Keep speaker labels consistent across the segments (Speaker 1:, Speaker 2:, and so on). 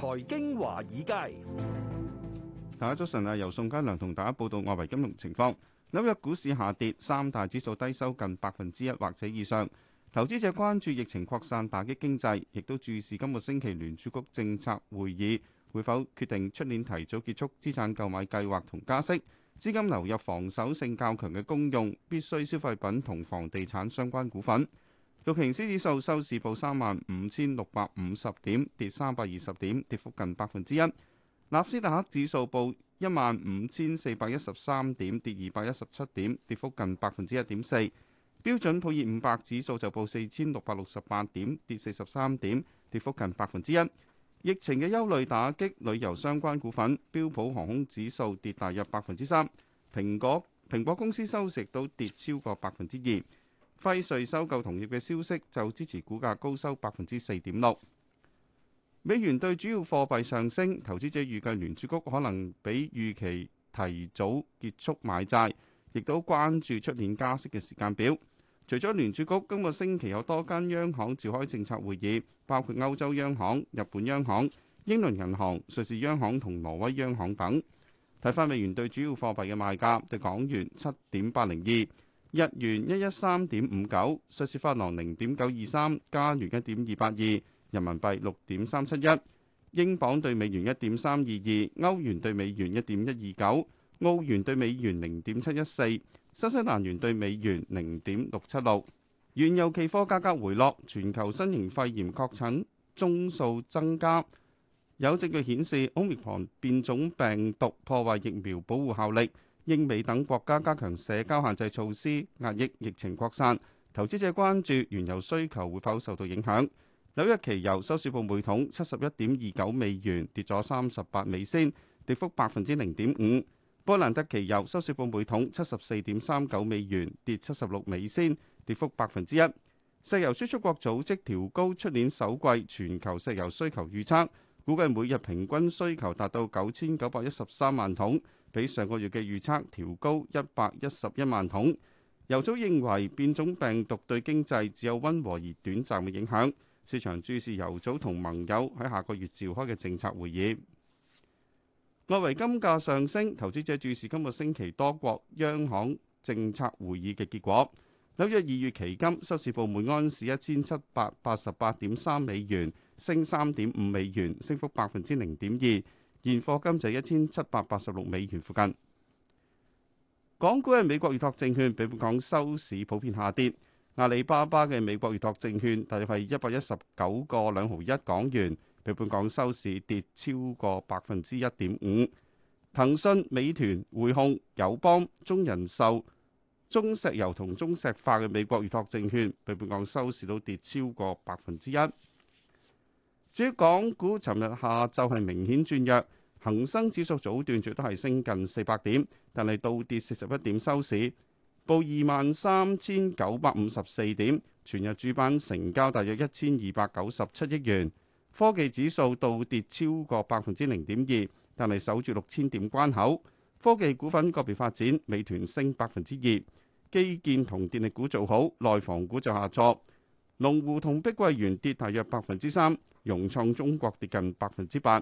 Speaker 1: 財經華爾街，
Speaker 2: 大家早晨啊！由宋佳良同大家報道外圍金融情況。紐約股市下跌，三大指數低收近百分之一或者以上。投資者關注疫情擴散打擊經濟，亦都注視今個星期聯儲局政策會議會否決定出年提早結束資產購買計劃同加息。資金流入防守性較強嘅公用、必需消費品同房地產相關股份。道瓊斯指數收市報三萬五千六百五十點，跌三百二十點，跌幅近百分之一。納斯達克指數報一萬五千四百一十三點，跌二百一十七點，跌幅近百分之一點四。標準普爾五百指數就報四千六百六十八點，跌四十三點，跌幅近百分之一。疫情嘅憂慮打擊旅遊相關股份，標普航空指數跌大約百分之三，蘋果蘋果公司收市都跌超過百分之二。輝瑞收購同業嘅消息就支持股價高收百分之四點六。美元對主要貨幣上升，投資者預計聯儲局可能比預期提早結束買債，亦都關注出年加息嘅時間表。除咗聯儲局，今個星期有多間央行召開政策會議，包括歐洲央行、日本央行、英倫銀行、瑞士央行同挪威央行等。睇翻美元對主要貨幣嘅賣價，對港元七點八零二。日元一一三點五九，瑞士法郎零點九二三，加元一點二八二，人民幣六點三七一，英鎊兌美元一點三二二，歐元兌美元一點一二九，澳元兌美元零點七一四，新西蘭元兌美元零點六七六。原油期貨價格回落，全球新型肺炎確診宗數增加，有證據顯示 Omicron 變種病毒破壞疫苗保護效力。英美等國家加強社交限制措施壓抑疫，疫情擴散，投資者關注原油需求會否受到影響。紐約期油收市報每桶七十一點二九美元，跌咗三十八美仙，跌幅百分之零點五。波蘭特期油收市報每桶七十四點三九美元，跌七十六美仙，跌幅百分之一。石油輸出國組織調高出年首季全球石油需求預測，估計每日平均需求達到九千九百一十三萬桶。比上個月嘅預測調高一百一十一萬桶。油組認為變種病毒對經濟只有溫和而短暫嘅影響。市場注視油組同盟友喺下個月召開嘅政策會議。外圍金價上升，投資者注視今個星期多國央行政策會議嘅結果。紐約二月期金收市報每安士一千七百八十八點三美元，升三點五美元，升幅百分之零點二。現貨金就一千七百八十六美元附近。港股嘅美國預託證券，比本港收市普遍下跌。阿里巴巴嘅美國預託證券大約係一百一十九個兩毫一港元，比本港收市跌超過百分之一點五。騰訊、美團、匯控、友邦、中人壽、中石油同中石化嘅美國預託證券，比本港收市都跌超過百分之一。至於港股，尋日下晝係明顯轉弱，恒生指數早段最多係升近四百點，但係倒跌四十一點收市，報二萬三千九百五十四點。全日主板成交大約一千二百九十七億元。科技指數倒跌超過百分之零點二，但係守住六千點關口。科技股份個別發展，美團升百分之二，基建同電力股做好，內房股就下挫。龍湖同碧桂園跌大約百分之三，融創中國跌近百分之八，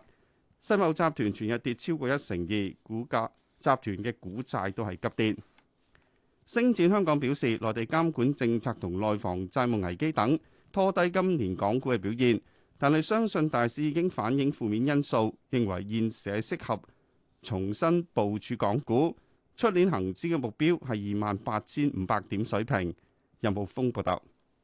Speaker 2: 世茂集團全日跌超過一成二，股價集團嘅股債都係急跌。星展香港表示，內地監管政策同內房債務危機等拖低今年港股嘅表現，但係相信大市已經反映負面因素，認為現時係適合重新部署港股。出年恒指嘅目標係二萬八千五百點水平。任浩峰報導。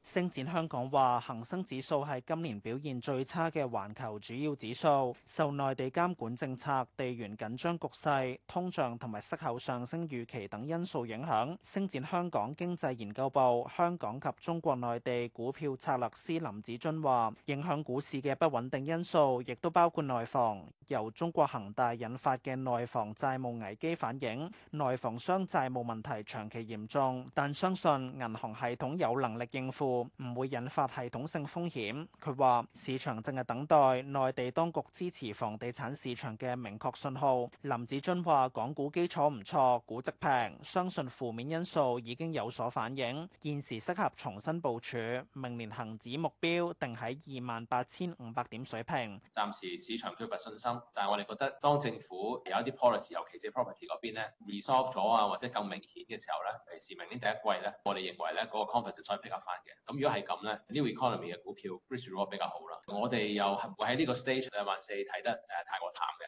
Speaker 3: 星展香港話，恒生指數係今年表現最差嘅環球主要指數，受內地監管政策、地緣緊張局勢、通脹同埋息口上升預期等因素影響。星展香港經濟研究部、香港及中國內地股票策略師林子俊話，影響股市嘅不穩定因素，亦都包括內房，由中國恒大引發嘅內房債務危機反映，內房商債務問題長期嚴重，但相信銀行系統有能力應付。唔會引發系統性風險。佢話市場正係等待內地當局支持房地產市場嘅明確信號。林子俊話：港股基礎唔錯，估值平，相信負面因素已經有所反映。現時適合重新部署，明年恒指目標定喺二萬八千五百點水平。
Speaker 1: 暫時市場缺乏信心，但係我哋覺得當政府有一啲 policy，尤其是 property 嗰邊咧 resolve 咗啊，或者更明顯嘅時候咧，尤其是明年第一季咧，我哋認為咧嗰個 confidence 可以 pick up 翻嘅。咁如果係咁咧，呢個 economy 嘅股票 British Royal 比較好啦。我哋又唔會喺呢個 stage 兩萬四睇得誒太過淡嘅。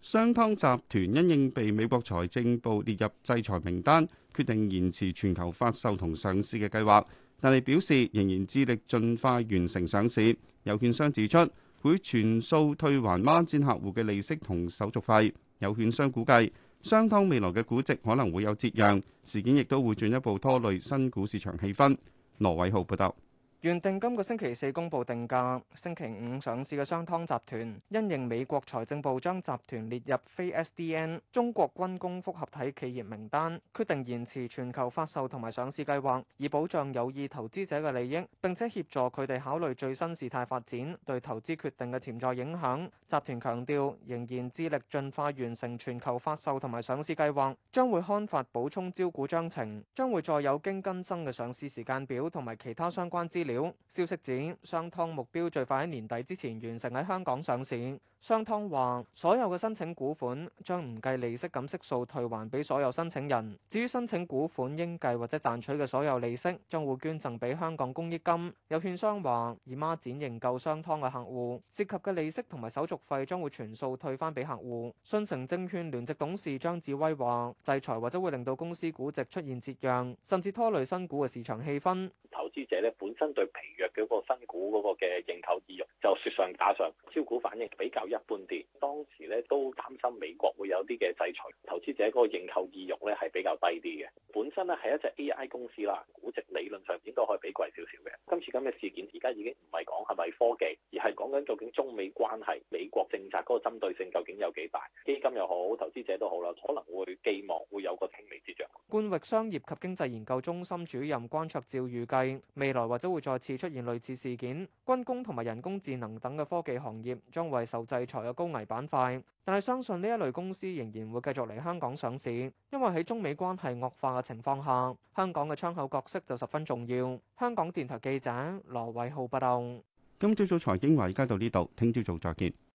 Speaker 2: 商湯集團因應被美國財政部列入制裁名單，決定延遲全球發售同上市嘅計劃，但係表示仍然致力盡快完成上市。有券商指出會全數退還孖展客戶嘅利息同手續費。有券商估計商湯未來嘅估值可能會有折讓，事件亦都會進一步拖累新股市場氣氛。羅偉浩報道。
Speaker 1: 原定今個星期四公佈定價、星期五上市嘅商湯集團，因應美國財政部將集團列入非 SDN 中國軍工複合體企業名單，決定延遲全球發售同埋上市計劃，以保障有意投資者嘅利益，並且協助佢哋考慮最新事態發展對投資決定嘅潛在影響。集團強調仍然致力盡快完成全球發售同埋上市計劃，將會刊發補充招股章程，將會載有經更新嘅上市時間表同埋其他相關資料。消息指，商湯目標最快喺年底之前完成喺香港上市。商湯話：所有嘅申請股款將唔計利息咁息數退還俾所有申請人。至於申請股款應計或者賺取嘅所有利息，將會捐贈俾香港公益金。有券商話，以孖展認購商湯嘅客戶涉及嘅利息同埋手續費將會全數退翻俾客戶。信誠證券聯席董事張智威話：制裁或者會令到公司估值出現折讓，甚至拖累新股嘅市場氣氛。投資者呢本身對疲弱嘅個新股嗰個嘅認購意欲就雪上加霜，招股反應比較一般啲，當時咧都擔心美國會有啲嘅制裁，投資者嗰個認購意欲咧係比較低啲嘅。本身咧係一隻 AI 公司啦，估值理論上應該可以比貴少少嘅。今次咁嘅事件，而家已經唔係講係咪科技，而係講緊究竟中美關係、美國政策嗰個針對性究竟有幾大，基金又好，投資者都好啦，可能會寄望會有個。冠域商業及經濟研究中心主任關卓照預計，未來或者會再次出現類似事件。軍工同埋人工智能等嘅科技行業將為受制裁嘅高危板塊，但係相信呢一類公司仍然會繼續嚟香港上市，因為喺中美關係惡化嘅情況下，香港嘅窗口角色就十分重要。香港電台記者羅偉浩報道。
Speaker 2: 今朝早財經華爾街到呢度，聽朝早再見。